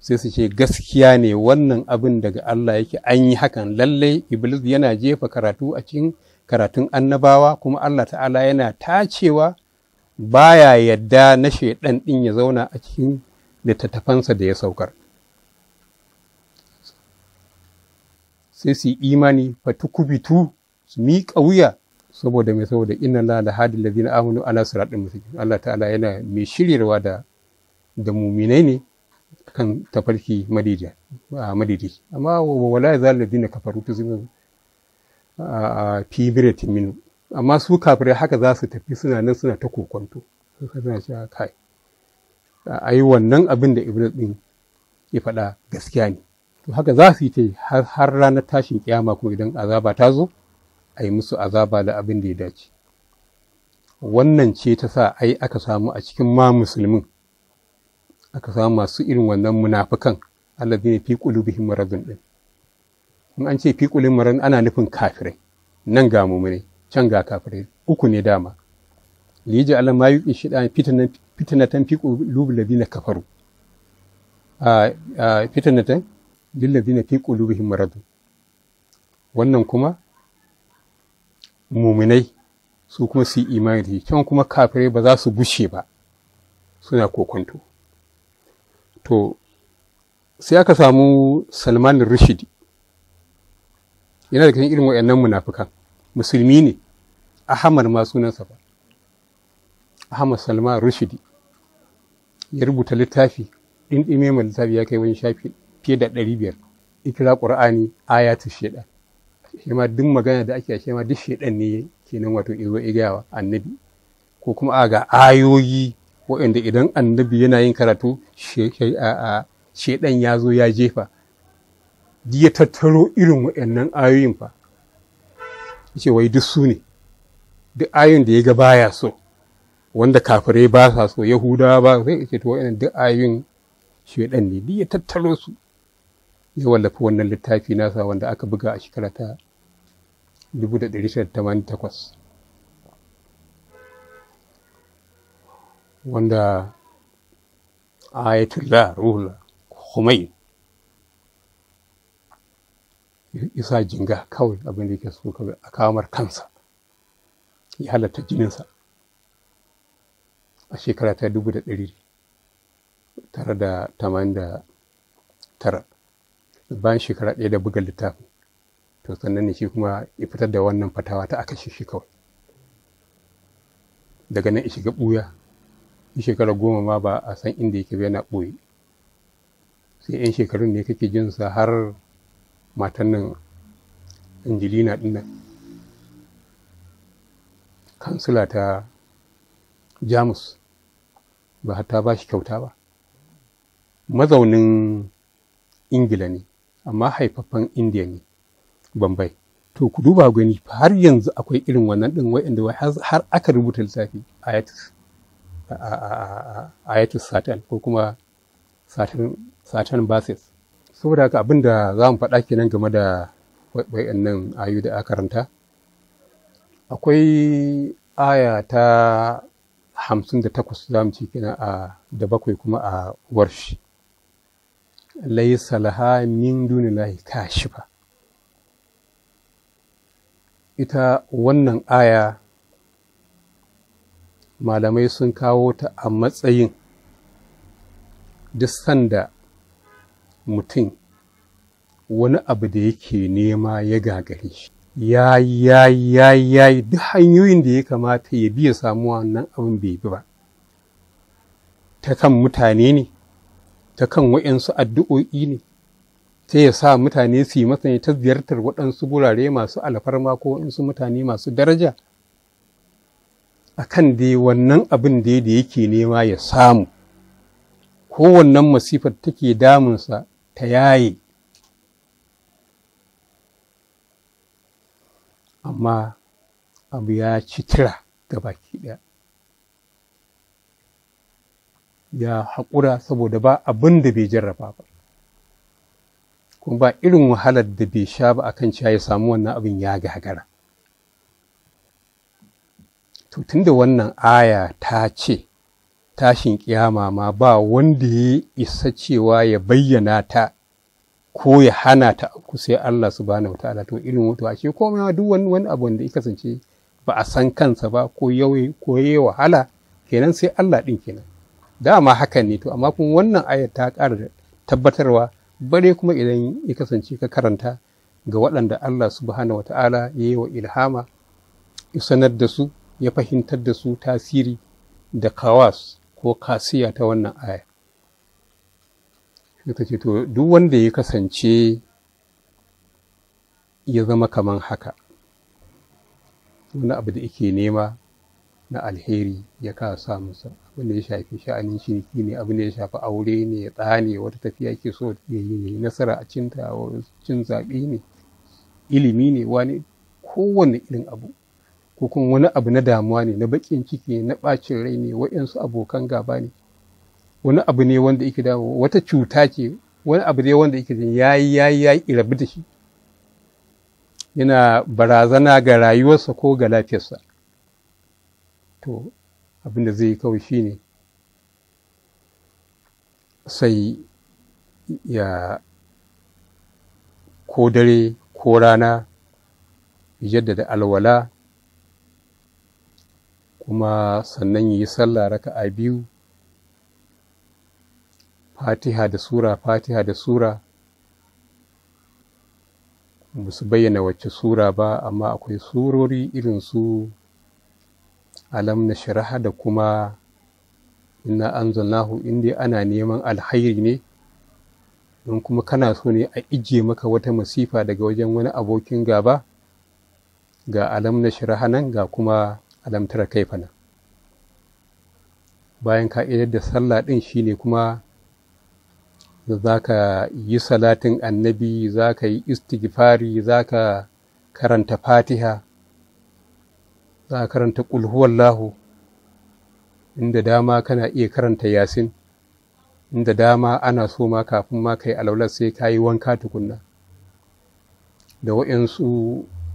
sai su ce gaskiya ne wannan abin daga Allah yake an yi hakan lallai iblis yana jefa karatu a cikin karatun annabawa kuma Allah ta'ala yana tacewa baya yadda na shaidan ɗin ya zauna a cikin littattafansa da ya saukar sai su yi imani fatukubitu su miƙa wuya saboda mai saboda inna la da da ladina amanu ala siratin Allah ta'ala yana mai shiryarwa da da muminai ne kan tafarki madidi amma wala zal ladina kafaru zina A'a, biratin minu amma su kafirai haka za su tafi suna nan suna ta kokonto ka suna cewa kai yi wannan abin da iblis din ya faɗa gaskiya ne to haka za su yi ta har ranar tashin kiyama kuma idan azaba ta zo a yi musu azaba da abin da ya dace wannan ce ta sa ai aka samu a cikin ma musulmin aka samu masu irin wannan munafukan allazina fi qulubihim maradun din in an ce fiƙulin maran ana nufin kafirai nan ga mumune can ga kafirai uku ne dama liji Allah ma yuqi shida fitnatan fi qulubil ladina kafaru a fitnatan lil ladina fi qulubihim marad wannan kuma muminai su kuma su yi imani da can kuma kafirai ba za su bushe ba suna kokonto to sai aka samu salman rushidi yana da kan irin wayannan munafukan musulmi ne ahmad ma sunansa ba ahmad Salma rushidi ya rubuta littafi ɗinɗime mai littafi ya kai wani shafi fiye da ɗari biyar ikira ƙur'ani ayatu shaidan shi ma duk magana da ake shi ma duk shaidan ne kenan wato izo igayawa annabi ko kuma a ga ayoyi waɗanda idan annabi yana yin karatu shaɗan ya zo ya jefa ya tattaro irin waɗannan ayoyin fa yace wai duk su ne duk ayoyin da ya ga baya so wanda kafirai ba sa so yahuda ba sai yace to waɗannan duk ayoyin shedan ne duk ya tattaro su ya wallafa wannan littafi nasa wanda aka buga a shekara ta 1988 wanda ayatullah ruhul khumayn Isa jinga kawai abin da yake so kawai a kamar kansa ya halatta jininsa a shekara ta dubu da ɗari tare da tamanin da tara bayan shekara ɗaya da buga littafin to sannan ne shi kuma ya fitar da wannan fatawa ta aka shi kawai daga nan ya shiga ɓuya yi shekara goma ma ba a san inda yake ba yana ɓoye sai 'yan shekarun ne kake jinsa har matan nan angelina dinnan kansila ta jamus ba ta ba shi kyauta ba mazaunin ingila ne amma haifaffen indiya ne bambai to ku duba gani har yanzu akwai irin wannan din wa'anda har aka rubuta lissafi ayatus satan ko kuma satan basis saboda haka abin da za mu faɗa kenan game da wayannan ayu da aka karanta akwai aya ta hamsin da takwas za mu ci kenan a da bakwai kuma a warshi Lai salaha min shi ba. ita wannan aya malamai sun kawo ta a matsayin duk sanda mutum wani abu da yake nema ya gagari shi ya ya ya ya duk hanyoyin da ya kamata ya biya samu wannan abin bai bi ba ta kan mutane ne ta kan waɗansu addu'o'i ne ta ya sa mutane su yi masa ta ziyartar waɗansu gurare masu alfarma ko waɗansu mutane masu daraja a kan dai wannan abin da yake nema ya samu ko wannan masifar take damunsa ta yaye amma abu ya ci tira ga baki ɗaya ya haƙura saboda ba abin da bai jarraba ba kuma ba irin wahalar da bai sha ba akan cewa ya samu wannan abin ya gagara to tunda wannan aya ta ce tashin kiyama ma ba wanda ya isa cewa ya bayyana ta ko ya hana ta ku sai Allah subhanahu wataala to irin wato ashe ko ma duk wani wani abu wanda ya kasance ba a san kansa ba ko yayi ko yayi wahala kenan sai Allah ɗin kenan dama haka ne to amma kun wannan ayar ta ƙara tabbatarwa bare kuma idan ya kasance ka karanta ga waɗanda Allah subhanahu wataala ya yi wa ilhama ya sanar da su ya fahimtar da su tasiri da kawas ko kasiya ta wannan aya ta ce to duk wanda ya kasance ya zama kaman haka wani abu da yake nema na alheri ya ka masa. sa abin da ya shafi sha'anin ciniki ne abin da ya shafi aure ne ya ne wata tafiya ke so ya yi nasara a cinta cin zaɓe ne ilimi ne wani kowane irin abu ko kuma wani abu na damuwa ne na bakin ciki ne na bacin rai ne waɗansu abokan gaba ne wani abu ne wanda yake dawo wata cuta ce wani abu ne wanda yake jin yayi yayi yayi irabu da shi yana barazana ga rayuwarsa ko ga lafiyarsa to abin da zai yi kawai shine sai ya ko dare ko rana jaddada alwala kuma sannan ya yi sallah raka'a biyu fatiha da sura fatiha da sura ba bayyana wacce sura ba amma akwai surori irin su alam na shiraha da kuma ina an zanahu inda ana neman alhairi ne don kuma kana so ne a ije maka wata masifa daga wajen wani abokin gaba ga alam na shiraha nan ga kuma alamtar kaifana bayan ka idar da sallah din shine kuma za ka yi salatin annabi za ka yi istighfari za ka karanta fatiha za ka karanta ƙulhuwallahu inda dama kana iya karanta yasin inda dama ana so ma kafin ma kai alaular sai ka yi wanka tukunna da waɗansu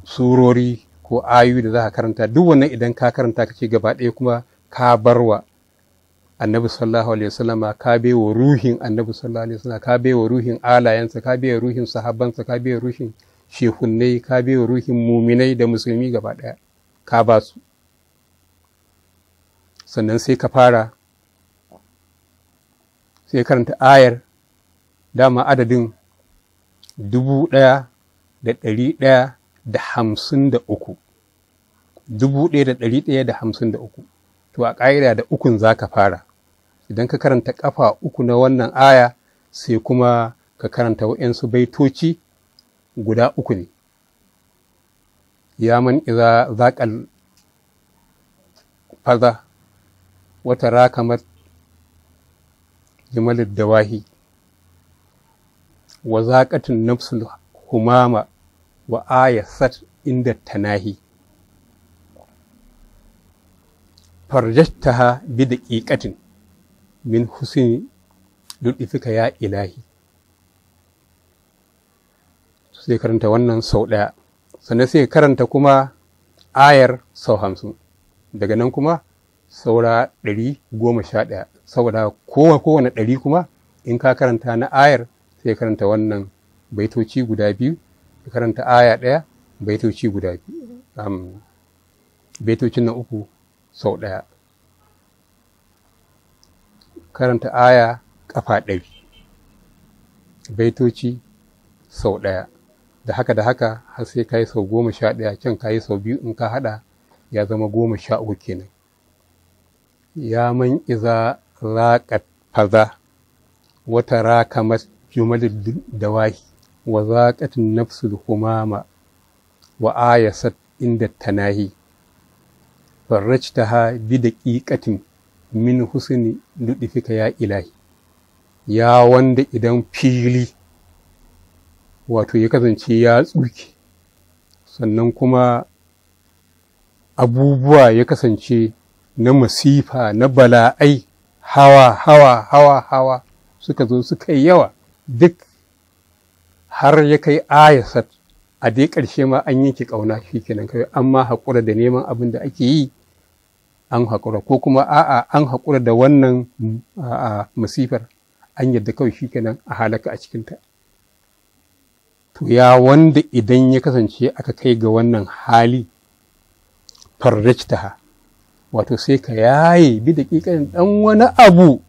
surori ko ayu da za ka karanta duk wannan idan ka karanta kace gaba ɗaya kuma ka barwa annabi sallallahu alaihi wasallam ka baiwa ruhin annabi sallallahu alaihi wasallam ka baiwa ruhin alayansa ka baiwa ruhin sahabbansa ka baiwa ruhin shehunnai ka baiwa ruhin muminai da musulmi gaba ɗaya ka ba su sannan sai ka fara sai karanta ayar dama adadin dubu ɗaya da ɗari ɗaya da hamsin da uku dubu ɗaya da ɗari ɗaya da hamsin da uku to a ƙa'ida da ukun za ka fara idan ka karanta ƙafa uku na wannan aya sai kuma ka karanta wa'yansu baitoci guda uku ne ya man iza zaƙal faza wata ra kamar jimalin dawahi wa zaƙatin nafsul humama wa ayasat inda tanahi farjattaha bi daqiqatin min husni ludifika ya ilahi sai karanta wannan sau ɗaya sannan sai karanta kuma ayar sau hamsin daga nan kuma saura ɗari goma sha ɗaya saboda kowane ɗari kuma in ka karanta na ayar sai karanta wannan baitoci guda biyu karanta aya ɗaya baitoci guda um, baitocin na uku sau ɗaya karanta aya ƙafa ɗari baitoci sau ɗaya da haka da haka har sai ka yi sau goma sha ɗaya can ka yi sau biyu in ka haɗa ya zama goma sha uku kenan ya man iza raƙa faza wata rakamat jumalin wahi wa zaqat nafsul humama wa ayasat inda tanahi farajtaha bi daqiqatin min husni nuɗifika ya ilahi ya wanda idan fili wato ya kasance ya tsuki sannan kuma abubuwa ya kasance na masifa na bala'ai hawa hawa hawa hawa suka zo suka yawa duk har ya kai ayasat a dai ƙarshe ma an yanke ƙauna shi kenan kai an ma haƙura da neman abin da ake yi an haƙura ko kuma a'a an haƙura da wannan masifar an yadda kawai shi kenan a halaka a cikinta to ya wanda idan ya kasance aka kai ga wannan hali farrajtaha wato sai ka yaye bi da ɗan wani abu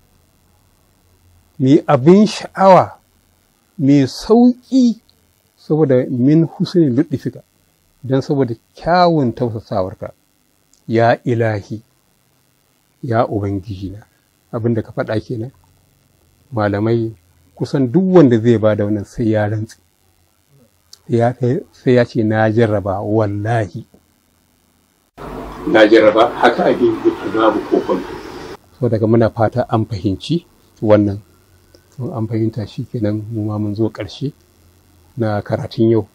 mai abin sha'awa Me sauƙi saboda min husni luɗifika don saboda kyawun tausasawarka ya ilahi ya ubangiji na abin da ka faɗa kenan malamai kusan duk wanda zai ba da wannan sai ya rantsi sai ya ce na jarraba wallahi na jarraba haka abin yake babu kokon so daga muna fata an fahimci wannan in an fahimta shi kenan mu ma mun zo ƙarshe na karatun yau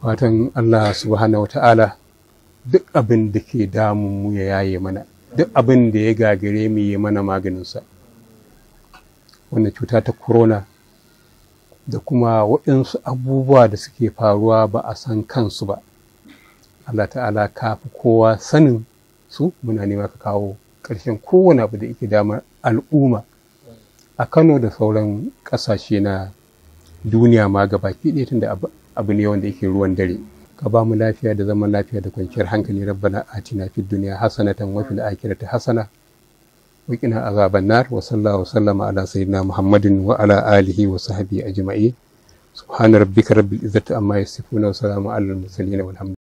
fatan Allah subhanahu wata'ala duk abin da ke damun mu ya yaye mana duk abin da ya gagare mu ya mana maganinsa wannan cuta ta corona da kuma waɗansu abubuwa da suke faruwa ba a san kansu ba Allah ta'ala ka fi kowa sanin su muna nema ka kawo ƙarshen kowane abu da yake damar al'umma a kano da sauran kasashe na duniya ma gaba ɗaya da abu ne wanda yake ruwan dare ka ba mu lafiya da zaman lafiya da kwanciyar hankali rabbana atina fid dunya hasanatan wa fil akhirati hasana wa qina azaban nar wa sallallahu wa sallama ala sayyidina muhammadin wa ala alihi wa sahbihi ajma'in subhana rabbika rabbil izzati amma yasifuna wa salamun alal mursalin walhamdulillah